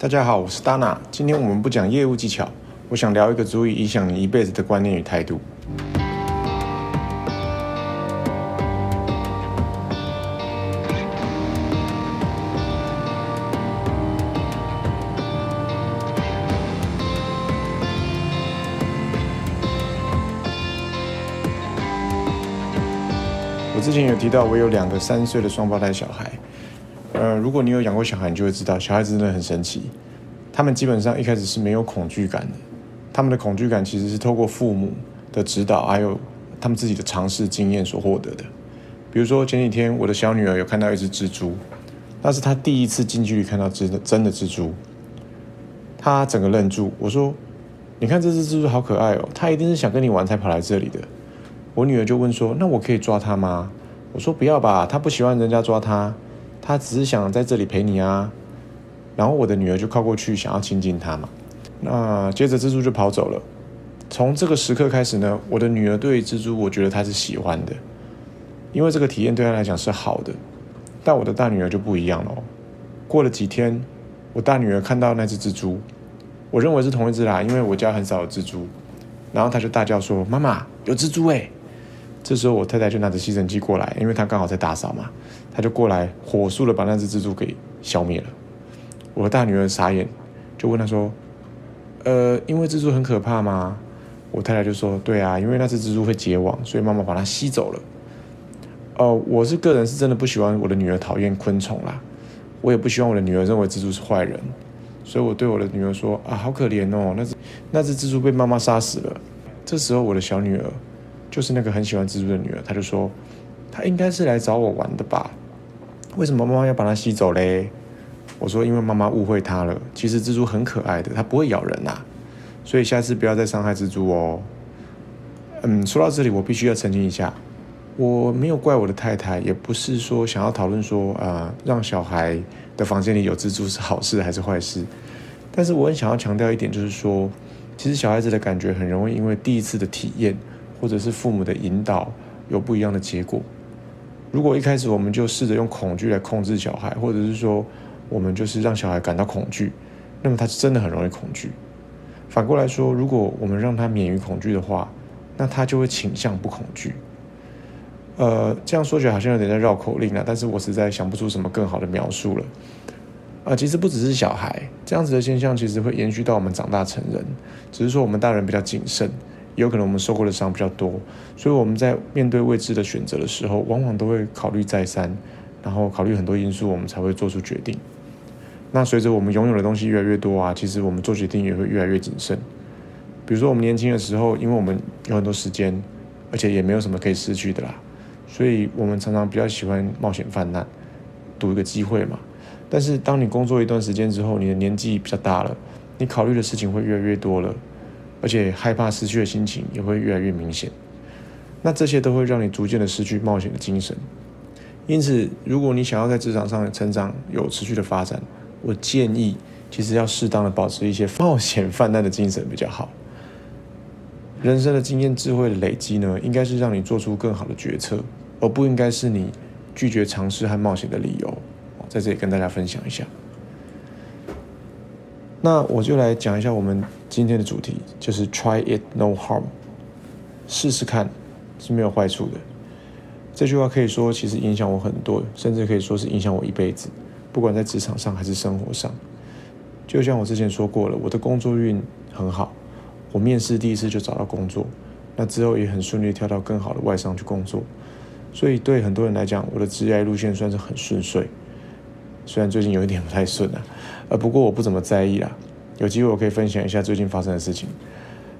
大家好，我是 Dana。今天我們不講業務技巧，我想聊一個足以影響你一輩子的觀念與態度。我之前有提到，我有兩個三歲的雙胞胎小孩。呃，如果你有養過小孩，你就會知道，小孩子真的很神奇。他們基本上一開始是沒有恐懼感的，他們的恐懼感其實是透過父母的指導，還有他們自己的嘗試經驗所獲得的。比如說前幾天我的小女兒有看到一隻蜘蛛，那是她第一次近距離看到真的真的蜘蛛，她整個愣住。我說：“你看這隻蜘蛛好可愛哦，它一定是想跟你玩才跑來這裡的。”我女兒就問說：“那我可以抓它嗎？”我說：“不要吧，它不喜歡人家抓它。”他只是想在這裡陪你啊，然後我的女兒就靠過去想要親近他嘛。那接着蜘蛛就跑走了。從這個時刻開始呢，我的女兒對蜘蛛，我覺得她是喜歡的，因為這個體驗對她來講是好的。但我的大女兒就不一樣了哦。過了幾天，我大女兒看到那只蜘蛛，我認為是同一只啦，因為我家很少有蜘蛛。然後她就大叫說：“媽媽，有蜘蛛誒！”這時候我太太就拿着吸塵器過來，因為她剛好在打掃嘛。他就過來，火速的把那只蜘蛛給消滅了。我的大女兒傻眼，就問他說：“呃，因為蜘蛛很可怕嗎？”我太太就說：“對啊，因為那只蜘蛛會結網，所以媽媽把它吸走了。”哦、呃，我是個人是真的不喜歡我的女兒討厭昆蟲啦，我也不希望我的女兒認為蜘蛛是壞人，所以我對我的女兒說：“啊，好可憐哦，那只那只蜘蛛被媽媽殺死了。”這時候我的小女兒，就是那個很喜歡蜘蛛的女兒，她就說：“她應該是來找我玩的吧？”為什麼媽媽要把它吸走嘞？我說，因為媽媽誤會它了。其實蜘蛛很可愛的，它不會咬人吶、啊。所以下次不要再傷害蜘蛛哦。嗯，說到這裡，我必須要澄清一下，我沒有怪我的太太，也不是說想要討論說，啊、呃，讓小孩的房間裡有蜘蛛是好事還是壞事。但是我很想要強調一點，就是說，其實小孩子的感覺很容易因為第一次的體驗，或者是父母的引導，有不一樣的結果。如果一開始我們就試着用恐懼來控制小孩，或者是說我們就是讓小孩感到恐懼，那麼他真的很容易恐懼。反過來說，如果我們讓他免於恐懼的話，那他就會傾向不恐懼。呃，這樣說起來好像有點在繞口令了，但是我實在想不出什麼更好的描述了。啊、呃，其實不只是小孩，這樣子的現象其實會延續到我們長大成人，只是說我們大人比較謹慎。有可能我們受過的傷比較多，所以我們在面對未知的選擇的時候，往往都會考慮再三，然後考慮很多因素，我們才會做出決定。那隨着我們擁有的東西越來越多啊，其實我們做決定也會越來越謹慎。比如說我們年輕的時候，因為我們有很多時間，而且也沒有什麼可以失去的啦，所以我們常常比較喜歡冒險犯難，賭一個機會嘛。但是當你工作一段時間之後，你的年紀比較大了，你考慮的事情會越來越多了。而且害怕失去的心情也會越來越明顯，那這些都會讓你逐漸的失去冒險的精神。因此，如果你想要在職場上成長、有持續的發展，我建議其實要適當的保持一些冒險犯難的精神比較好。人生的經驗、智慧的累積呢，應該是讓你做出更好的決策，而不應該是你拒絕嘗試和冒險的理由。在這裡跟大家分享一下，那我就來講一下我們。今天的主題就是 Try it, no harm，試試看是沒有壞處的。這句話可以說其實影響我很多，甚至可以說是影響我一輩子，不管在職場上還是生活上。就像我之前說過了，我的工作運很好，我面試第一次就找到工作，那之後也很順利跳到更好的外商去工作。所以對很多人來講，我的職業路線算是很順遂。雖然最近有一點不太順啊，而不過我不怎麼在意啦。有機會我可以分享一下最近發生的事情，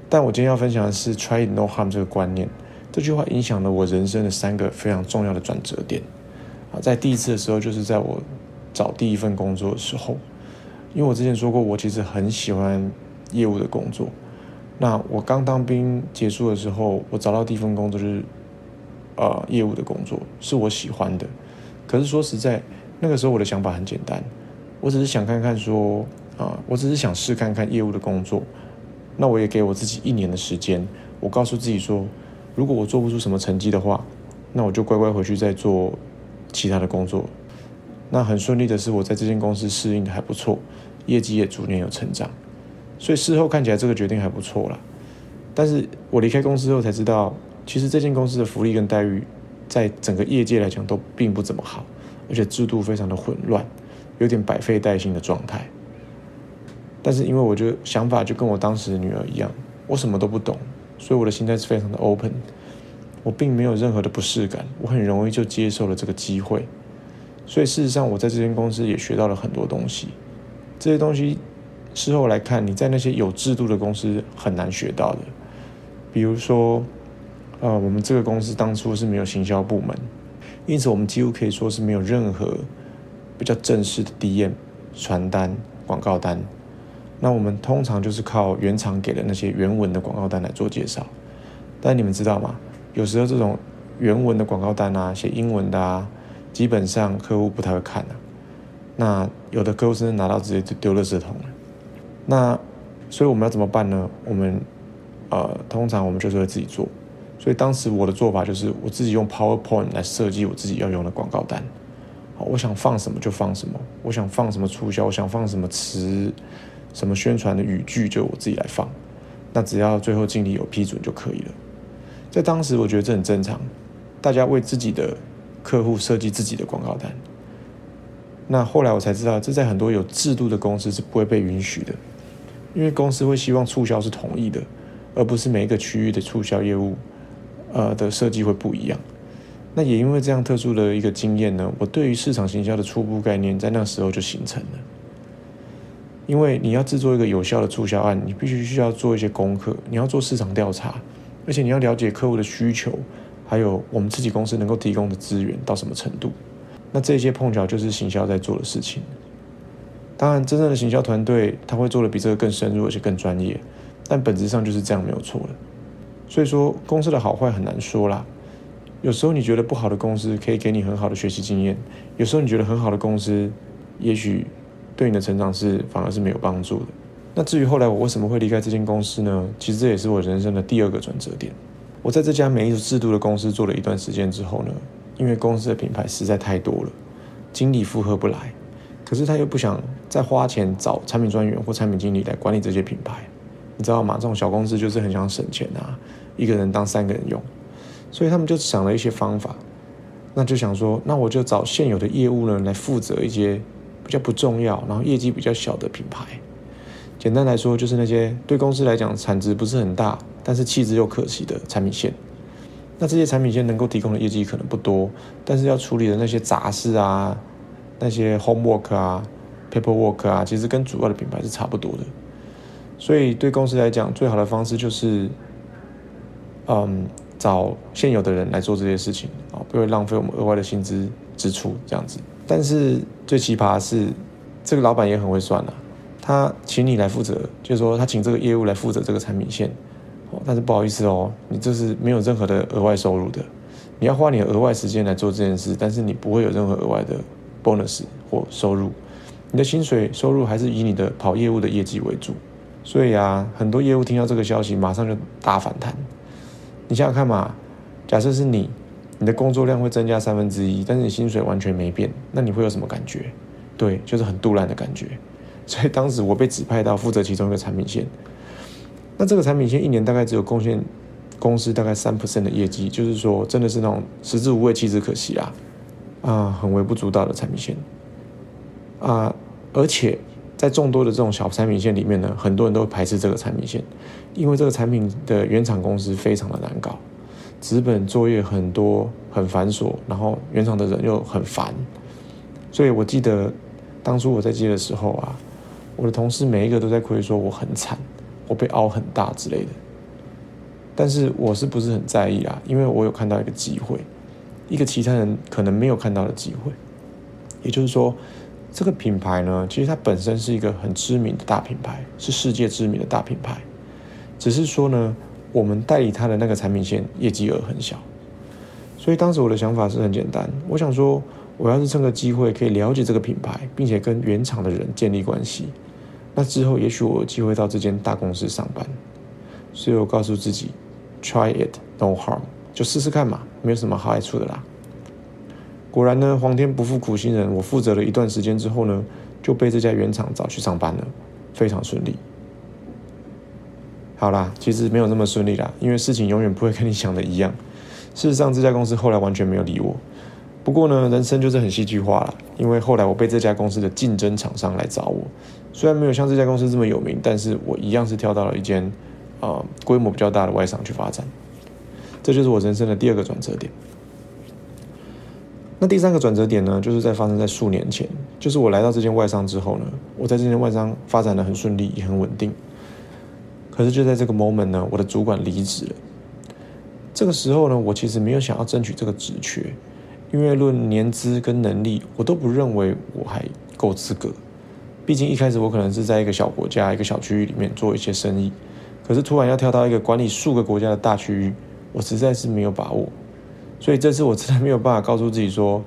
但我今天要分享的是 “try it, no harm” 這個觀念。這句話影響了我人生的三個非常重要的轉折點。啊，在第一次的時候，就是在我找第一份工作的時候，因為我之前說過，我其實很喜歡業務的工作。那我剛當兵結束的時候，我找到第一份工作就是啊、呃，業務的工作是我喜歡的。可是說實在，那個時候我的想法很簡單，我只是想看看說。啊，我只是想試看看業務的工作，那我也給我自己一年的時間。我告訴自己說，如果我做不出什麼成績的話，那我就乖乖回去再做其他的工作。那很順利的是，我在這間公司適應的還不錯，業績也逐年有成長，所以事後看起來這個決定還不錯啦。但是我離開公司後才知道，其實這間公司的福利跟待遇，在整個業界來講都並不怎麼好，而且制度非常的混亂，有點百廢待興的狀態。但是因為我覺得想法就跟我當時的女兒一樣，我什麼都不懂，所以我的心態是非常的 open，我並沒有任何的不適感，我很容易就接受了這個機會。所以事實上，我在這間公司也學到了很多東西。這些東西事後來看，你在那些有制度的公司很難學到的。比如說，呃，我們這個公司當初是沒有行銷部門，因此我們幾乎可以說是沒有任何比較正式的 DM 傳單、廣告單。那我們通常就是靠原廠給的那些原文的廣告單來做介紹，但你們知道嗎？有時候這種原文的廣告單啊，寫英文的啊，基本上客戶不太會看的、啊。那有的客戶甚至拿到直接就丟了圾桶了。那所以我們要怎麼辦呢？我們呃，通常我們就是會自己做。所以當時我的做法就是我自己用 PowerPoint 來設計我自己要用的廣告單。好，我想放什麼就放什麼，我想放什麼促銷，我想放什麼詞。什麼宣傳的語句，就我自己來放，那只要最後經理有批准就可以了。在當時我覺得這很正常，大家為自己的客戶設計自己的廣告單。那後來我才知道，這在很多有制度的公司是不會被允許的，因為公司會希望促銷是統一的，而不是每一個區域的促銷業務，呃的設計會不一樣。那也因為這樣特殊的一個經驗呢，我對於市場行銷的初步概念在那時候就形成了。因為你要制作一個有效的促銷案，你必須需要做一些功課，你要做市場調查，而且你要了解客戶的需求，還有我們自己公司能夠提供的資源到什麼程度。那這些碰巧就是行銷在做的事情。當然，真正的行銷團隊他會做的比這個更深入而且更專業，但本質上就是這樣沒有錯的。所以說，公司的好壞很難說啦。有時候你覺得不好的公司可以給你很好的學習經驗，有時候你覺得很好的公司，也許。對你的成長是反而是沒有幫助的。那至於後來我為什麼會離開這間公司呢？其實這也是我人生的第二個轉折點。我在這家沒制度的公司做了一段時間之後呢，因為公司的品牌實在太多了，經理負荷不來，可是他又不想再花錢找產品專員或產品經理來管理這些品牌，你知道嗎？這種小公司就是很想省錢啊，一個人當三個人用，所以他們就想了一些方法，那就想說，那我就找現有的業務呢，來負責一些。比較不重要，然後業績比較小的品牌，簡單來說就是那些對公司來講產值不是很大，但是棄之又可惜的產品線。那這些產品線能夠提供的業績可能不多，但是要處理的那些雜事啊，那些 homework 啊，paperwork 啊，其實跟主要的品牌是差不多的。所以對公司來講，最好的方式就是，嗯，找現有的人來做這些事情啊，不會浪費我們額外的薪資支出這樣子。但是最奇葩的是，這個老闆也很會算啊，他請你來負責，就是說他請這個業務來負責這個產品線。哦，但是不好意思哦，你這是沒有任何的額外收入的。你要花你的額外時間來做這件事，但是你不會有任何額外的 bonus 或收入。你的薪水收入還是以你的跑業務的業績為主。所以啊，很多業務聽到這個消息，馬上就大反彈。你想想看嘛，假設是你。你的工作量會增加三分之一，3, 但是你薪水完全沒變，那你會有什麼感覺？對，就是很賭爛的感覺。所以當時我被指派到負責其中一個產品線，那這個產品線一年大概只有貢獻公司大概三 percent 的業績，就是說真的是那種食之無味，棄之可惜啊啊、呃，很微不足道的產品線啊、呃，而且在眾多的這種小產品線裡面呢，很多人都排斥這個產品線，因為這個產品的原廠公司非常的難搞。資本作業很多，很繁瑣，然後原廠的人又很煩，所以我記得當初我在接的時候啊，我的同事每一個都在哭，說我很慘，我被凹很大之類的。但是我是不是很在意啊？因為我有看到一個機會，一個其他人可能沒有看到的機會，也就是說，這個品牌呢，其實它本身是一個很知名的大品牌，是世界知名的大品牌，只是說呢，我們代理他的那個產品線業績額很小，所以當時我的想法是很簡單，我想說，我要是趁個機會可以了解這個品牌，並且跟原廠的人建立關係，那之後也許我有機會到這間大公司上班。所以我告訴自己，Try it, no harm，就試試看嘛，沒有什麼好害處的啦。果然呢，皇天不負苦心人，我負責了一段時間之後呢，就被這家原廠找去上班了，非常順利。好啦，其實沒有那麼順利啦，因為事情永遠不會跟你想的一樣。事實上，這家公司後來完全沒有理我。不過呢，人生就是很戲劇化啦，因為後來我被這家公司的競爭廠商來找我，雖然沒有像這家公司這麼有名，但是我一樣是跳到了一間呃規模比較大的外商去發展。這就是我人生的第二個轉折點。那第三個轉折點呢，就是在發生在數年前，就是我來到這間外商之後呢，我在這間外商發展的很順利，也很穩定。可是就在這個 moment 呢，我的主管離職了。這個時候呢，我其實沒有想要爭取這個職缺，因為論年資跟能力，我都不認為我還夠資格。畢竟一開始我可能是在一個小國家、一個小區域裡面做一些生意，可是突然要跳到一個管理數個國家的大區域，我實在是沒有把握。所以這次我真的沒有辦法告訴自己說，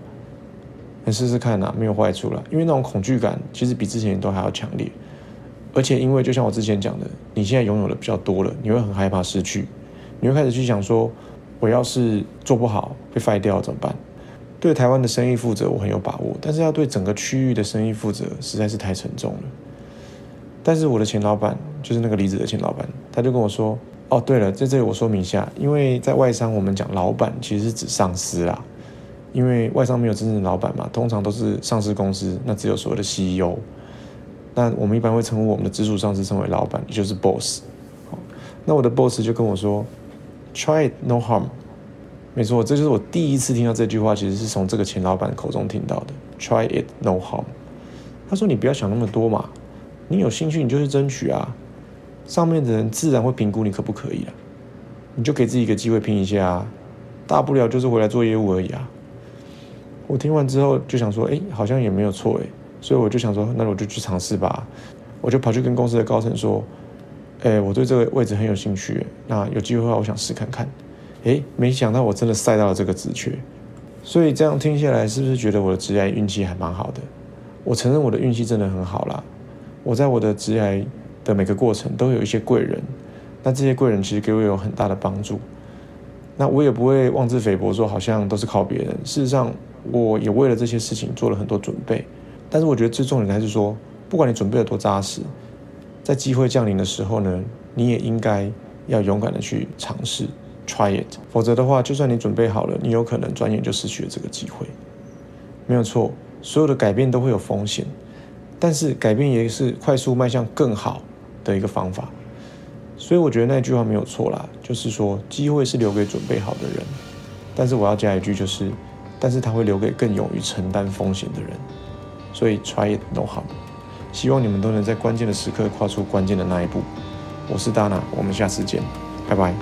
你試試看吶、啊，沒有壞處啦。因為那種恐懼感，其實比之前都還要強烈。而且，因為就像我之前講的，你現在擁有的比較多了，你會很害怕失去，你會開始去想說，我要是做不好被 fire 掉怎麼辦？對台灣的生意負責，我很有把握，但是要對整個區域的生意負責，實在是太沉重了。但是我的前老闆，就是那個離職的前老闆，他就跟我說：“哦，對了，在這裡我說明一下，因為在外商我們講老闆，其實是指上司啦，因為外商沒有真正的老闆嘛，通常都是上市公司，那只有所謂的 CEO。”但我們一般會稱呼我們的直屬上司稱為老闆，也就是 boss。好，那我的 boss 就跟我說：“Try it, no harm。”沒錯，這就是我第一次聽到這句話，其實是從這個前老闆口中聽到的。“Try it, no harm。”他說：“你不要想那麼多嘛，你有興趣你就是爭取啊，上面的人自然會評估你可不可以啊，你就給自己一個機會拼一下啊。大不了就是回來做業務而已啊。”我聽完之後就想說：“誒、欸，好像也沒有錯誒、欸。”所以我就想說，那我就去嘗試吧。我就跑去跟公司的高層說：“哎、欸，我對這個位置很有興趣。那有機會的話，我想試看看。”哎，沒想到我真的塞到了這個職缺。所以這樣聽下來，是不是覺得我的職涯運氣還蠻好的？我承認我的運氣真的很好啦。我在我的職涯的每個過程都有一些貴人，那這些貴人其實給我有很大的幫助。那我也不會妄自菲薄，說好像都是靠別人。事實上，我也為了這些事情做了很多準備。但是我覺得最重要還是說，不管你準備有多紮實，在機會降臨的時候呢，你也應該要勇敢的去嘗試，try it。否則的話，就算你準備好了，你有可能轉眼就失去了這個機會。沒有錯，所有的改變都會有風險，但是改變也是快速邁向更好的一個方法。所以我覺得那句話沒有錯啦，就是說機會是留給準備好的人。但是我要加一句，就是，但是它會留給更勇於承擔風險的人。所以，Try it! No harm! 希望你們都能在關鍵的時刻跨出關鍵的那一步。我是 Dana，我們下次見，拜拜。